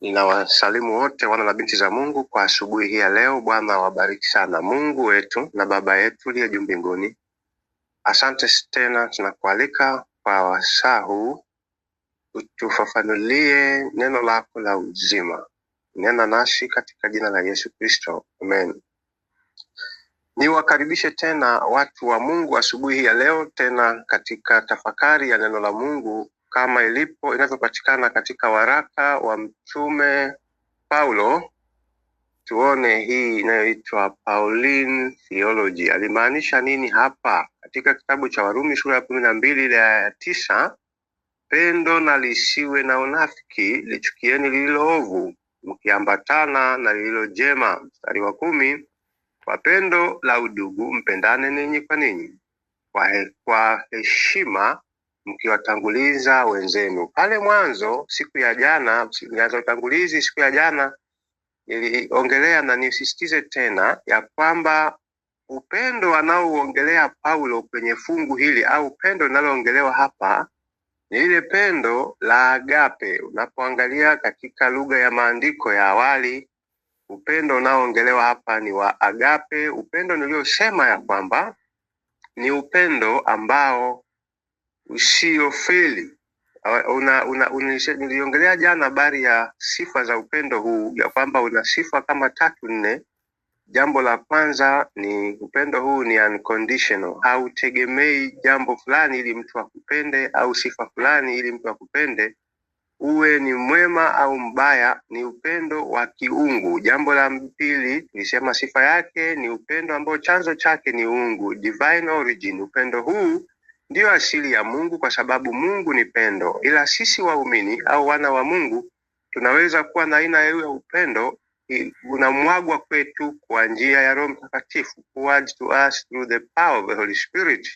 Ninawasalimu wote wana na binti za Mungu kwa asubuhi hii ya leo. Bwana wabariki sana. Mungu wetu na Baba yetu liye juu mbinguni, asante tena, tunakualika kwa wasaa huu utufafanulie neno lako la uzima. Nena nasi katika jina la Yesu Kristo, amen. Niwakaribishe tena watu wa Mungu asubuhi hii ya leo, tena katika tafakari ya neno la Mungu kama ilipo inavyopatikana katika waraka wa Mtume Paulo. Tuone hii inayoitwa Pauline theology, alimaanisha nini hapa? Katika kitabu cha Warumi sura ya kumi na mbili ile ya tisa pendo na lisiwe na unafiki, lichukieni lililoovu mkiambatana na lililo jema. Mstari wa kumi kwa pendo la udugu mpendane ninyi kwa ninyi, kwa, he, kwa heshima mkiwatanguliza wenzenu. Pale mwanzo siku ya jana, nilianza utangulizi siku ya jana, niliongelea na nisisitize tena ya kwamba upendo anaouongelea Paulo kwenye fungu hili au upendo linaloongelewa hapa ni lile pendo la agape. Unapoangalia katika lugha ya maandiko ya awali, upendo unaoongelewa hapa ni wa agape, upendo niliosema ya kwamba ni upendo ambao usiofeli Niliongelea jana habari ya sifa za upendo huu, ya kwamba una sifa kama tatu nne. Jambo la kwanza ni upendo huu ni unconditional, hautegemei jambo fulani ili mtu akupende au sifa fulani ili mtu akupende, uwe ni mwema au mbaya, ni upendo wa kiungu. Jambo la pili tulisema sifa yake ni upendo ambao chanzo chake ni uungu, divine origin. Upendo huu ndiyo asili ya Mungu kwa sababu Mungu ni pendo. Ila sisi waumini au wana wa Mungu tunaweza kuwa na aina hiyo ya upendo unamwagwa kwetu kwa njia ya Roho Mtakatifu, towards to us through the power of the Holy Spirit.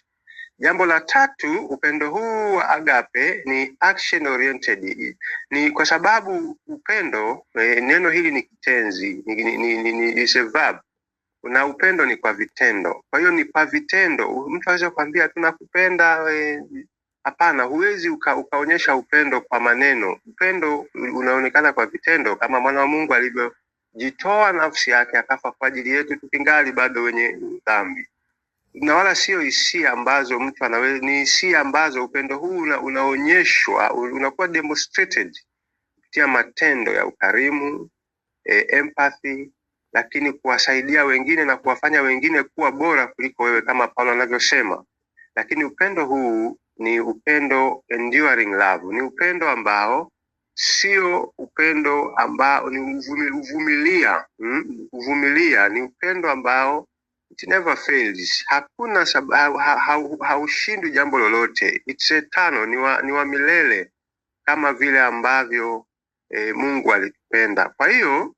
Jambo la tatu, upendo huu wa agape ni action oriented. Ni kwa sababu upendo eh, neno hili ni kitenzi, ni, ni, ni, ni, ni, ni, ni verb na upendo ni kwa vitendo. Kwa hiyo ni kwa vitendo, mtu aweza kuambia tunakupenda we. Hapana, huwezi uka, ukaonyesha upendo kwa maneno. Upendo unaonekana kwa vitendo, kama mwana wa Mungu alivyojitoa nafsi yake akafa kwa ajili yetu tukingali bado wenye dhambi, na wala sio hisia ambazo mtu anawe, ni hisia ambazo upendo huu una, unaonyeshwa unakuwa demonstrated kupitia matendo ya ukarimu, e, empathy lakini kuwasaidia wengine na kuwafanya wengine kuwa bora kuliko wewe, kama Paulo anavyosema. Lakini upendo huu ni upendo enduring love, ni upendo ambao sio upendo ambao ni uvumilia, mm, uvumilia ni upendo ambao it never fails, hakuna sababu, haushindwi ha, ha, jambo lolote. It's eternal, ni wa, ni wa milele kama vile ambavyo e, Mungu alitupenda. Kwa hiyo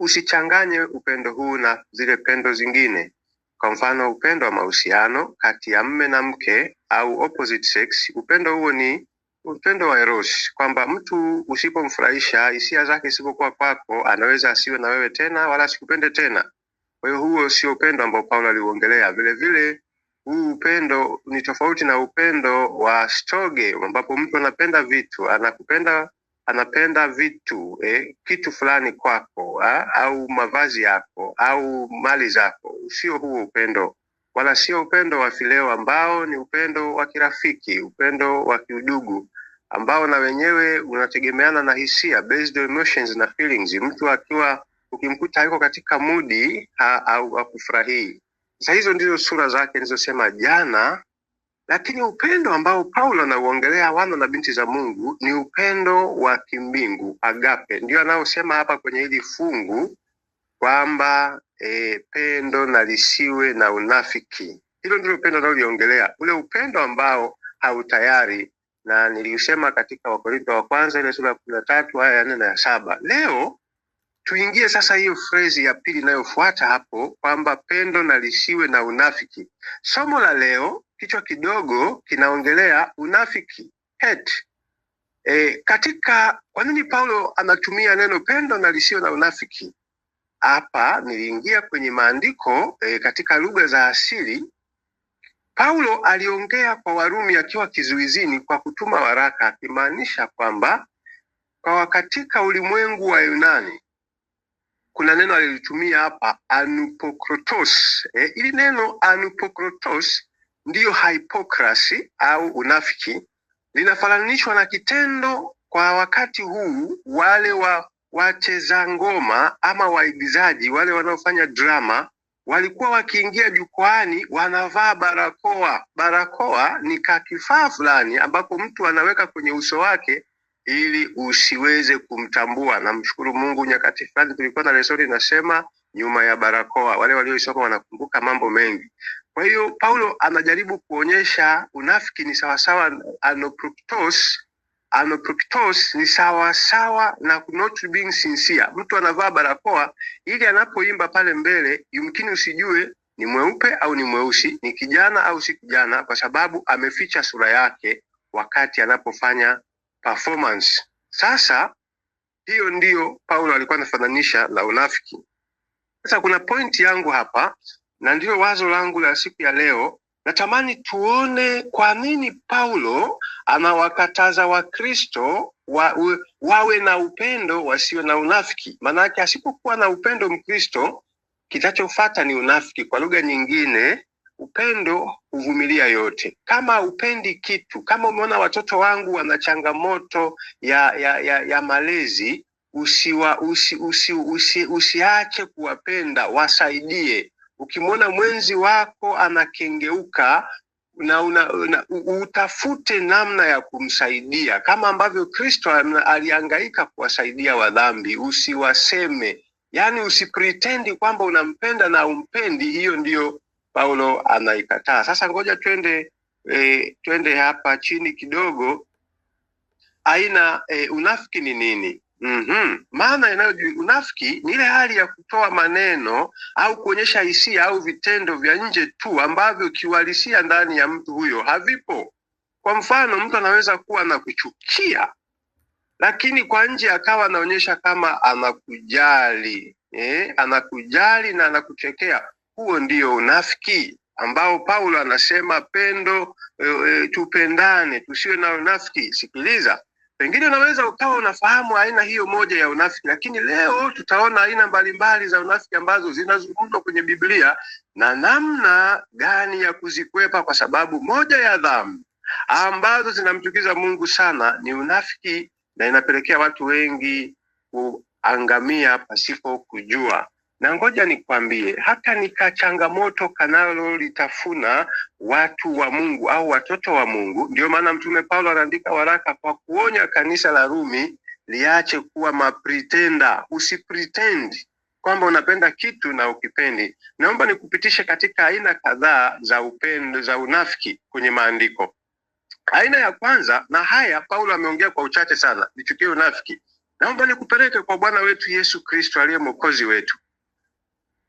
usichanganye upendo huu na zile pendo zingine. Kwa mfano, upendo wa mahusiano kati ya mme na mke au opposite sex, upendo huo ni upendo wa eros, kwamba mtu usipomfurahisha, hisia zake isipokuwa kwako, anaweza asiwe na wewe tena wala asikupende tena. Kwa hiyo huo sio upendo ambao Paulo aliuongelea. Vile vile huu upendo ni tofauti na upendo wa stoge, ambapo mtu anapenda vitu, anakupenda anapenda vitu eh, kitu fulani kwako ha? Ah, au mavazi yako au mali zako. Sio huo upendo, wala sio upendo wa fileo ambao ni upendo wa kirafiki, upendo wa kiudugu ambao na wenyewe unategemeana na hisia, based on emotions na feelings. Mtu akiwa ukimkuta yuko katika mudi au akufurahii. Sasa hizo ndizo sura zake nilizosema jana lakini upendo ambao Paulo anauongelea wana na binti za Mungu ni upendo wa kimbingu, agape, ndiyo anaosema hapa kwenye hili fungu kwamba e, pendo na lisiwe na unafiki. Hilo ndilo upendo anaoliongelea, ule upendo ambao hautayari, na niliusema katika Wakorinto wa kwanza ile sura ya kumi na tatu haya ya nne na ya saba. Leo tuingie sasa hiyo frezi ya pili inayofuata hapo kwamba pendo na lisiwe na unafiki. Somo la leo kichwa kidogo kinaongelea unafiki hate. E, katika kwa nini Paulo anatumia neno pendo na lisio na unafiki hapa? Niliingia kwenye maandiko e, katika lugha za asili Paulo aliongea kwa Warumi akiwa kizuizini kwa kutuma waraka, akimaanisha kwamba kwa wakatika ulimwengu wa Yunani kuna neno alilitumia hapa anupokrotos. E, ili neno anupokrotos ndiyo hypocrisy au unafiki, linafananishwa na kitendo kwa wakati huu wale wa wacheza ngoma ama waigizaji wale wanaofanya drama walikuwa wakiingia jukwaani wanavaa barakoa. Barakoa ni kakifaa fulani ambapo mtu anaweka kwenye uso wake ili usiweze kumtambua. Namshukuru Mungu, nyakati fulani tulikuwa na resori inasema nyuma ya barakoa. Wale walioisoma wanakumbuka mambo mengi. Kwa hiyo Paulo anajaribu kuonyesha unafiki ni sawasawa anoproktos anoproktos ni sawasawa na not being sincere. Mtu anavaa barakoa ili anapoimba pale mbele, yumkini usijue ni mweupe au ni mweusi, ni kijana au si kijana, kwa sababu ameficha sura yake wakati anapofanya performance. Sasa hiyo ndiyo Paulo alikuwa anafananisha na unafiki. Sasa kuna pointi yangu hapa na ndiyo wazo langu la siku ya leo. Natamani tuone kwa nini Paulo anawakataza Wakristo wa, wawe na upendo wasio na unafiki. Maanake asipokuwa na upendo Mkristo, kitachofata ni unafiki. Kwa lugha nyingine, upendo huvumilia yote. Kama upendi kitu, kama umeona watoto wangu wana changamoto ya, ya, ya, ya malezi usiwa, usi, usi, usi, usiache kuwapenda, wasaidie Ukimwona mwenzi wako anakengeuka na una, una, utafute namna ya kumsaidia kama ambavyo Kristo aliangaika kuwasaidia wadhambi. Usiwaseme, yani usipretendi kwamba unampenda na umpendi. Hiyo ndiyo Paulo anaikataa. Sasa ngoja twende e, twende hapa chini kidogo. Aina e, unafiki ni nini? Mm -hmm. Maana inayo unafiki ni ile hali ya kutoa maneno au kuonyesha hisia au vitendo vya nje tu ambavyo kiuhalisia ndani ya mtu huyo havipo. Kwa mfano, mtu anaweza kuwa anakuchukia lakini kwa nje akawa anaonyesha kama anakujali eh, anakujali na anakuchekea. Huo ndio unafiki ambao Paulo anasema pendo, e, e, tupendane tusiwe na unafiki. Sikiliza, Pengine unaweza ukawa unafahamu aina hiyo moja ya unafiki, lakini leo tutaona aina mbalimbali za unafiki ambazo zinazungumzwa kwenye Biblia na namna gani ya kuzikwepa, kwa sababu moja ya dhambi ambazo zinamchukiza Mungu sana ni unafiki na inapelekea watu wengi kuangamia pasipo kujua na ngoja nikwambie, hata nika changamoto kanalolitafuna watu wa Mungu au watoto wa Mungu. ndio maana Mtume Paulo anaandika waraka kwa kuonya kanisa la Rumi liache kuwa mapretenda. Usipretend kwamba unapenda kitu na ukipendi. Naomba nikupitishe katika aina kadhaa za upendo za unafiki kwenye maandiko. Aina ya kwanza, na haya Paulo ameongea kwa uchache sana, nichukie unafiki. Naomba nikupeleke kwa Bwana wetu Yesu Kristo aliye mwokozi wetu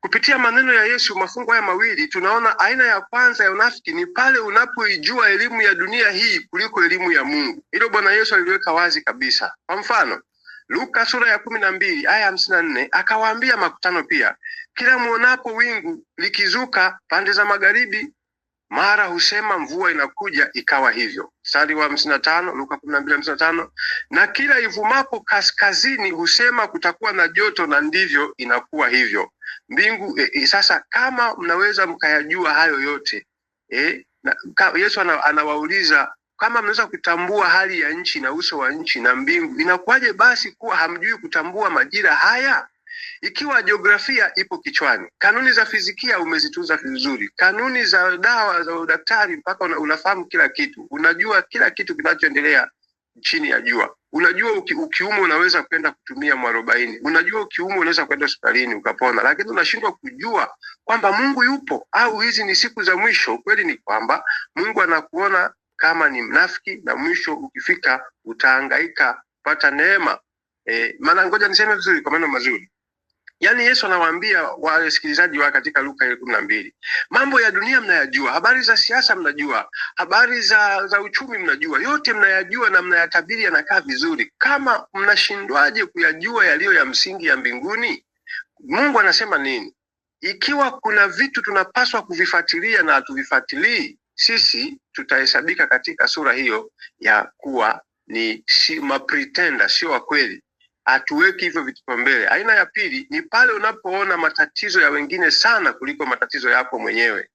Kupitia maneno ya Yesu, mafungo haya mawili tunaona aina ya kwanza ya unafiki ni pale unapoijua elimu ya dunia hii kuliko elimu ya Mungu. Hilo Bwana Yesu aliweka wazi kabisa. Kwa mfano, Luka sura ya kumi na mbili aya hamsini na nne akawaambia makutano pia, kila muonapo wingu likizuka pande za magharibi mara husema mvua inakuja ikawa hivyo. Mstari wa hamsini na tano Luka kumi na mbili hamsini na tano na kila ivumapo kaskazini husema kutakuwa na joto, na ndivyo inakuwa hivyo. Mbingu e, e, sasa kama mnaweza mkayajua hayo yote e, na, ka, Yesu anawauliza kama mnaweza kutambua hali ya nchi na uso wa nchi na mbingu, inakuwaje basi kuwa hamjui kutambua majira haya? Ikiwa jiografia ipo kichwani, kanuni za fizikia umezitunza vizuri, kanuni za dawa za udaktari, mpaka una, unafahamu kila kitu, unajua kila kitu kinachoendelea chini ya jua. Unajua uki, ukiumwa unaweza kwenda kutumia mwarobaini, unajua ukiumwa unaweza kwenda hospitalini ukapona, lakini unashindwa kujua kwamba Mungu yupo au hizi ni siku za mwisho. Ukweli ni kwamba Mungu anakuona kama ni mnafiki, na mwisho ukifika utaangaika pata neema. E, maana ngoja niseme vizuri kwa maneno mazuri Yaani Yesu anawaambia wasikilizaji wa katika Luka ile kumi na mbili, mambo ya dunia mnayajua, habari za siasa mnajua, habari za, za uchumi mnajua, yote mnayajua na mnayatabiri yanakaa vizuri. Kama mnashindwaje kuyajua yaliyo ya msingi ya mbinguni? Mungu anasema nini? Ikiwa kuna vitu tunapaswa kuvifuatilia na hatuvifuatilii, sisi tutahesabika katika sura hiyo ya kuwa ni si mapretenda, sio wa kweli hatuweki hivyo vipaumbele. Aina ya pili ni pale unapoona matatizo ya wengine sana kuliko matatizo yako mwenyewe.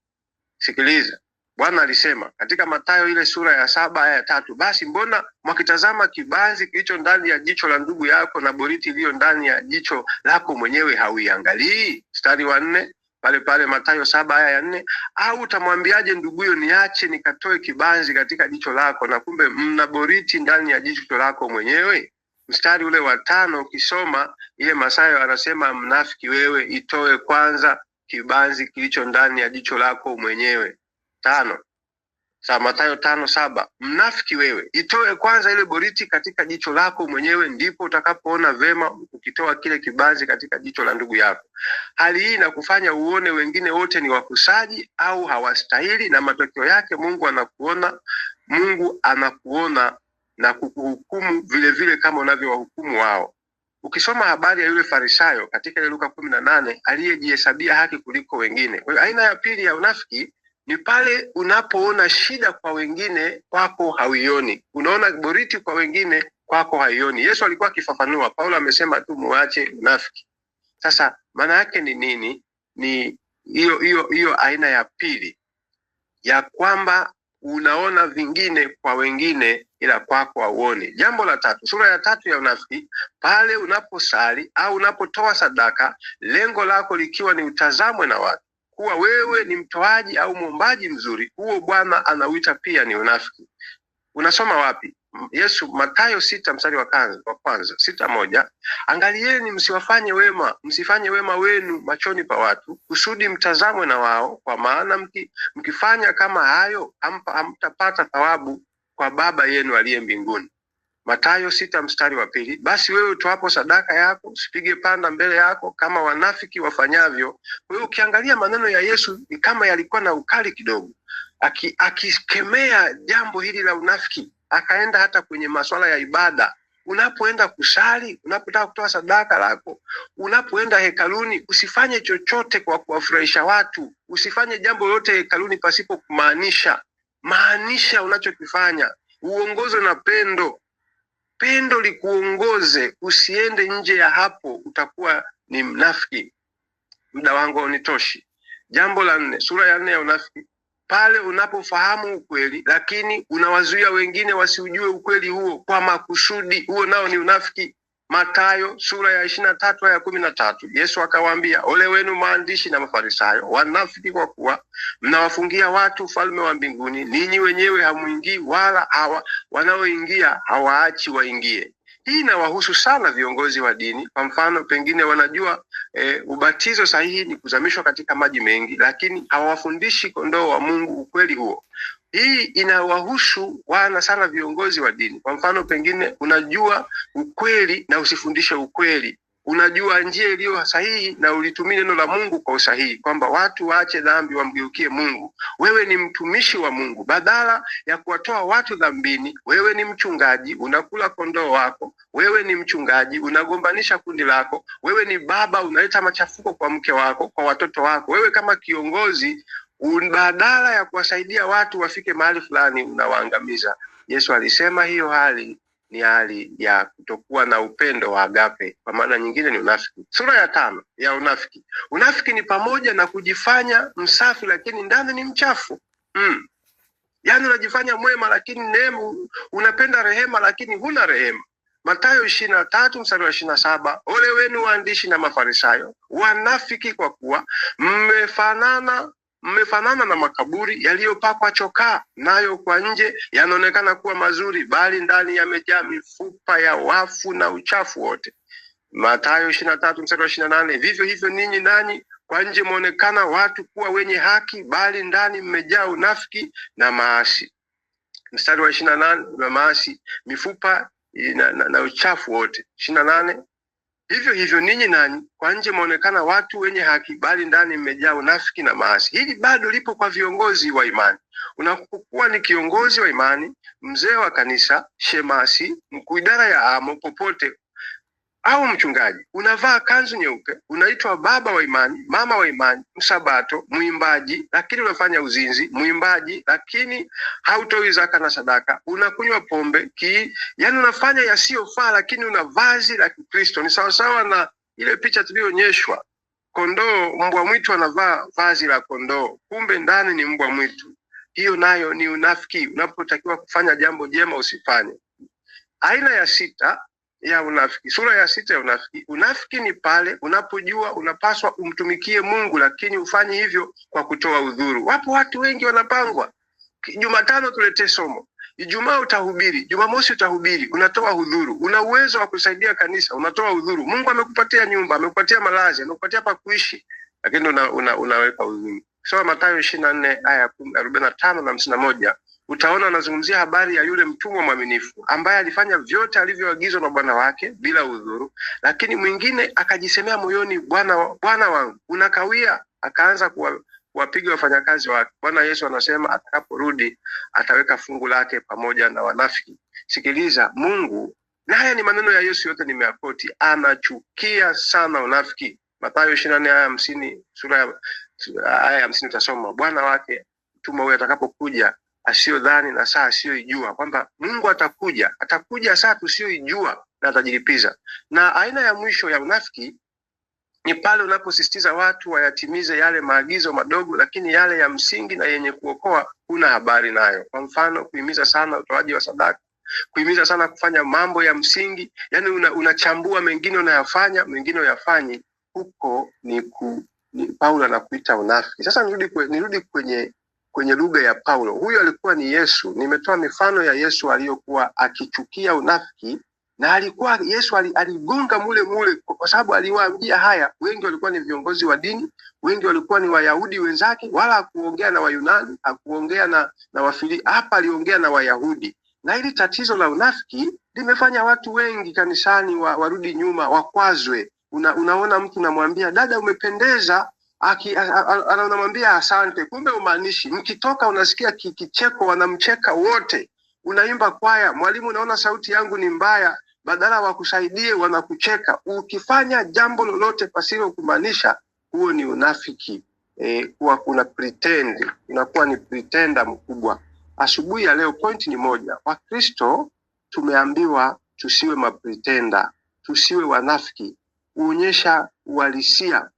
Sikiliza, Bwana alisema katika Mathayo ile sura ya saba aya ya tatu basi mbona mwakitazama kibanzi kilicho ndani ya jicho la ndugu yako na boriti iliyo ndani ya jicho lako mwenyewe hauiangalii? Mstari wa nne pale pale Mathayo saba aya ya nne au utamwambiaje nduguyo, niache nikatoe kibanzi katika jicho lako, na kumbe mna boriti ndani ya jicho lako mwenyewe? mstari ule wa tano ukisoma ile Masayo anasema mnafiki wewe, itoe kwanza kibanzi kilicho ndani ya jicho lako mwenyewe. Tano sa Mathayo tano saba mnafiki wewe, itoe kwanza ile boriti katika jicho lako mwenyewe, ndipo utakapoona vema ukitoa kile kibanzi katika jicho la ndugu yako. Hali hii inakufanya uone wengine wote ni wakusaji au hawastahili, na matokeo yake Mungu anakuona Mungu anakuona na kukuhukumu vile vile kama unavyowahukumu wao. Ukisoma habari ya yule Farisayo katika ile Luka kumi na nane aliyejihesabia haki kuliko wengine. Kwa hiyo aina ya pili ya unafiki ni pale unapoona shida kwa wengine kwako hauioni, unaona boriti kwa wengine kwako haioni. Yesu alikuwa akifafanua, Paulo amesema tu muache unafiki. Sasa maana yake ni nini? Ni hiyo hiyo hiyo aina ya pili ya kwamba unaona vingine kwa wengine ila kwako auone. Jambo la tatu, sura ya tatu ya unafiki, pale unaposali au unapotoa sadaka, lengo lako likiwa ni utazamwe na watu kuwa wewe ni mtoaji au mwombaji mzuri, huo Bwana anauita pia ni unafiki. Unasoma wapi? Yesu, Mathayo sita mstari wa kwanza, wa kwanza sita moja angalieni msiwafanye wema msifanye wema wenu machoni pa watu kusudi mtazamwe na wao, kwa maana mki, mkifanya kama hayo hamtapata thawabu kwa Baba yenu aliye mbinguni. Mathayo sita mstari wa pili. Basi wewe utoapo sadaka yako usipige panda mbele yako kama wanafiki wafanyavyo. Wewe ukiangalia maneno ya Yesu ni kama yalikuwa na ukali kidogo, akikemea aki jambo hili la unafiki, akaenda hata kwenye masuala ya ibada. Unapoenda kusali, unapotaka kutoa sadaka lako, unapoenda hekaluni, usifanye chochote kwa kuwafurahisha watu, usifanye jambo lolote hekaluni pasipo kumaanisha maanisha unachokifanya, uongozwe na pendo. Pendo likuongoze, usiende nje ya hapo, utakuwa ni mnafiki. Muda wangu aunitoshi Jambo la nne, sura ya nne ya unafiki, pale unapofahamu ukweli lakini unawazuia wengine wasiujue ukweli huo kwa makusudi, huo nao ni unafiki. Matayo sura ya ishirini na tatu aya ya kumi na tatu Yesu akawaambia, ole wenu maandishi na Mafarisayo wanafiki, kwa kuwa mnawafungia watu ufalme wa mbinguni, ninyi wenyewe hamwingii, wala hawa wanaoingia hawaachi waingie. Hii inawahusu sana viongozi wa dini. Kwa mfano, pengine wanajua e, ubatizo sahihi ni kuzamishwa katika maji mengi, lakini hawawafundishi kondoo wa Mungu ukweli huo. Hii inawahusu wana sana viongozi wa dini. Kwa mfano, pengine unajua ukweli na usifundishe ukweli, unajua njia iliyo sahihi na ulitumie neno la Mungu kwa usahihi, kwamba watu waache dhambi wamgeukie Mungu. Wewe ni mtumishi wa Mungu, badala ya kuwatoa watu dhambini. Wewe ni mchungaji, unakula kondoo wako. Wewe ni mchungaji, unagombanisha kundi lako. Wewe ni baba, unaleta machafuko kwa mke wako, kwa watoto wako. Wewe kama kiongozi badala ya kuwasaidia watu wafike mahali fulani unawaangamiza Yesu alisema hiyo hali ni hali ya kutokuwa na upendo wa agape, kwa maana nyingine ni unafiki. Sura ya tano ya unafiki. Unafiki ni pamoja na kujifanya msafi lakini ndani ni mchafu mm. Yaani unajifanya mwema lakini nemu, unapenda rehema lakini huna rehema. Mathayo ishirini na tatu mstari wa ishirini na saba ole wenu waandishi na Mafarisayo wanafiki, kwa kuwa mmefanana mmefanana na makaburi yaliyopakwa chokaa, nayo kwa nje yanaonekana kuwa mazuri, bali ndani yamejaa mifupa ya wafu na uchafu wote. Mathayo ishirini na tatu mstari wa ishirini na nane. Vivyo hivyo ninyi nanyi kwa nje mwonekana watu kuwa wenye haki, bali ndani mmejaa unafiki na maasi. Mstari wa ishirini na nane na maasi, mifupa na, na, na uchafu wote. ishirini na nane Hivyo hivyo ninyi nanyi kwa nje mwaonekana watu wenye haki, bali ndani mmejaa unafiki na maasi. Hili bado lipo kwa viongozi wa imani. Unapokuwa ni kiongozi wa imani, mzee wa kanisa, shemasi, mkuu idara ya amo, popote au mchungaji unavaa kanzu nyeupe, unaitwa baba wa imani, mama wa imani, msabato, mwimbaji, lakini unafanya uzinzi, mwimbaji, lakini hautoi zaka na sadaka, unakunywa pombe ki, yani unafanya yasiyofaa, lakini una vazi la Kikristo. Ni sawasawa na ile picha tuliyoonyeshwa, kondoo, mbwa mwitu anavaa vazi la kondoo, kumbe ndani ni mbwa mwitu. Hiyo nayo ni unafiki. Unapotakiwa kufanya jambo jema usifanye. Aina ya sita ya unafiki. Sura ya sita ya unafiki. Unafiki ni pale unapojua unapaswa umtumikie Mungu, lakini ufanye hivyo kwa kutoa udhuru. Wapo watu wengi wanapangwa, Jumatano tuletee somo, Ijumaa utahubiri, Jumamosi utahubiri, unatoa udhuru. Una uwezo wa kusaidia kanisa, unatoa udhuru. Mungu amekupatia nyumba, amekupatia malazi, amekupatia pa kuishi, lakini una, una, unaweka udhuru. Soma Mathayo ishirini na nne aya arobaini tano na hamsini na moja utaona anazungumzia habari ya yule mtumwa mwaminifu ambaye alifanya vyote alivyoagizwa na bwana wake bila udhuru, lakini mwingine akajisemea moyoni, bwana bwana wangu unakawia, akaanza kuwa wapiga wafanyakazi wake. Bwana Yesu anasema atakaporudi ataweka fungu lake pamoja na wanafiki. Sikiliza, Mungu na haya ni maneno ya Yesu, yote nimeakoti, Anachukia sana unafiki. Mathayo ishirini na nne aya hamsini sura aya hamsini utasoma bwana wake mtumwa huyo atakapokuja asiyodhani na saa asiyoijua, kwamba Mungu atakuja, atakuja saa tusiyoijua na atajilipiza. Na aina ya mwisho ya unafiki ni pale unaposisitiza watu wayatimize yale maagizo madogo, lakini yale ya msingi na yenye kuokoa huna habari nayo. Kwa mfano, kuhimiza sana utoaji wa sadaka, kuhimiza sana kufanya mambo ya msingi, yani unachambua, una mengine unayafanya, mengine uyafanyi. Huko ni ku, ni Paulo anakuita unafiki. Sasa nirudi nirudi kwenye kwenye lugha ya Paulo. Huyo alikuwa ni Yesu. Nimetoa mifano ya Yesu aliyokuwa akichukia unafiki na alikuwa Yesu aligonga mule mule, kwa sababu aliwaambia haya. Wengi walikuwa ni viongozi wa dini, wengi walikuwa ni Wayahudi wenzake, wala hakuongea na Wayunani, hakuongea na, na Wafili. Hapa aliongea na Wayahudi, na hili tatizo la unafiki limefanya watu wengi kanisani wa, warudi nyuma, wakwazwe. Una, unaona mtu namwambia dada, umependeza anamwambia asante, kumbe umaanishi. Mkitoka unasikia kicheko, wanamcheka wote, unaimba kwaya, mwalimu, unaona sauti yangu ni mbaya, badala wakusaidie wanakucheka. Ukifanya jambo lolote pasilo kumaanisha, huo ni unafiki. E, kuwa kuna pretend, unakuwa ni pretender mkubwa. Asubuhi ya leo point ni moja, Wakristo tumeambiwa tusiwe mapretenda, tusiwe wanafiki, huonyesha uhalisia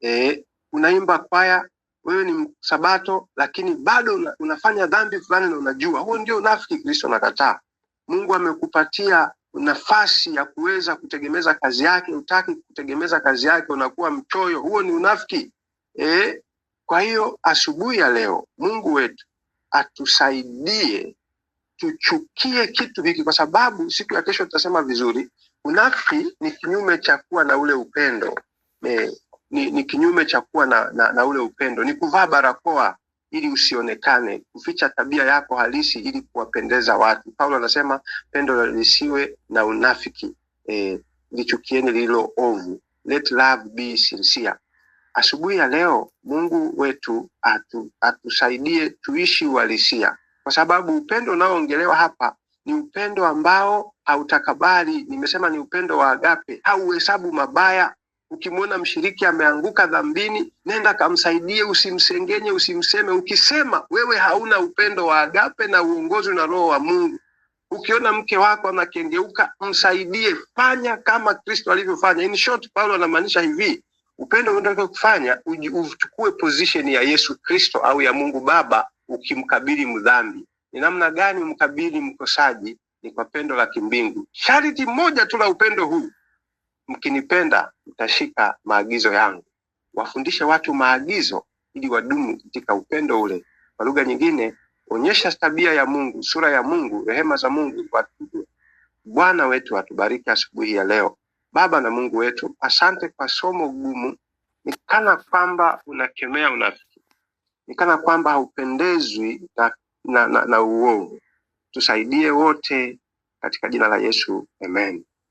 e, unaimba kwaya, wewe ni Sabato, lakini bado una, unafanya dhambi fulani na unajua. Huo ndio unafiki. Kristo nakataa. Mungu amekupatia nafasi ya kuweza kutegemeza kazi yake, utaki kutegemeza kazi yake, unakuwa mchoyo. Huo ni unafiki e. Kwa hiyo asubuhi ya leo Mungu wetu atusaidie tuchukie kitu hiki, kwa sababu siku ya kesho tutasema vizuri. Unafiki ni kinyume cha kuwa na ule upendo ni, ni kinyume cha kuwa na, na, na ule upendo. Ni kuvaa barakoa ili usionekane, kuficha tabia yako halisi ili kuwapendeza watu. Paulo anasema pendo lisiwe na unafiki e, lichukieni lililo ovu. Let love be sincere. Asubuhi ya leo Mungu wetu atu, atusaidie tuishi uhalisia, kwa sababu upendo unaoongelewa hapa ni upendo ambao hautakabali. Nimesema ni upendo wa agape, hauhesabu mabaya Ukimwona mshiriki ameanguka dhambini, nenda kamsaidie, usimsengenye, usimseme. Ukisema wewe hauna upendo wa agape na uongozi na Roho wa Mungu. Ukiona mke wako anakengeuka, msaidie, fanya kama Kristo alivyofanya. In short, Paulo anamaanisha hivi, upendo unataka kufanya uchukue position ya Yesu Kristo au ya Mungu Baba. Ukimkabili mdhambi, ni namna gani umkabili mkosaji? Ni kwa pendo la kimbingu. Sharti moja tu la upendo huu mkinipenda mtashika maagizo yangu. Wafundishe watu maagizo ili wadumu katika upendo ule. Kwa lugha nyingine, onyesha tabia ya Mungu, sura ya Mungu, rehema za Mungu Bwana wetu atubariki asubuhi ya leo. Baba na Mungu wetu, asante kwa somo gumu. Ni kana kwamba unakemea unafiki, ni kana kwamba haupendezwi na, na, na, na uovu. Tusaidie wote katika jina la Yesu, amen.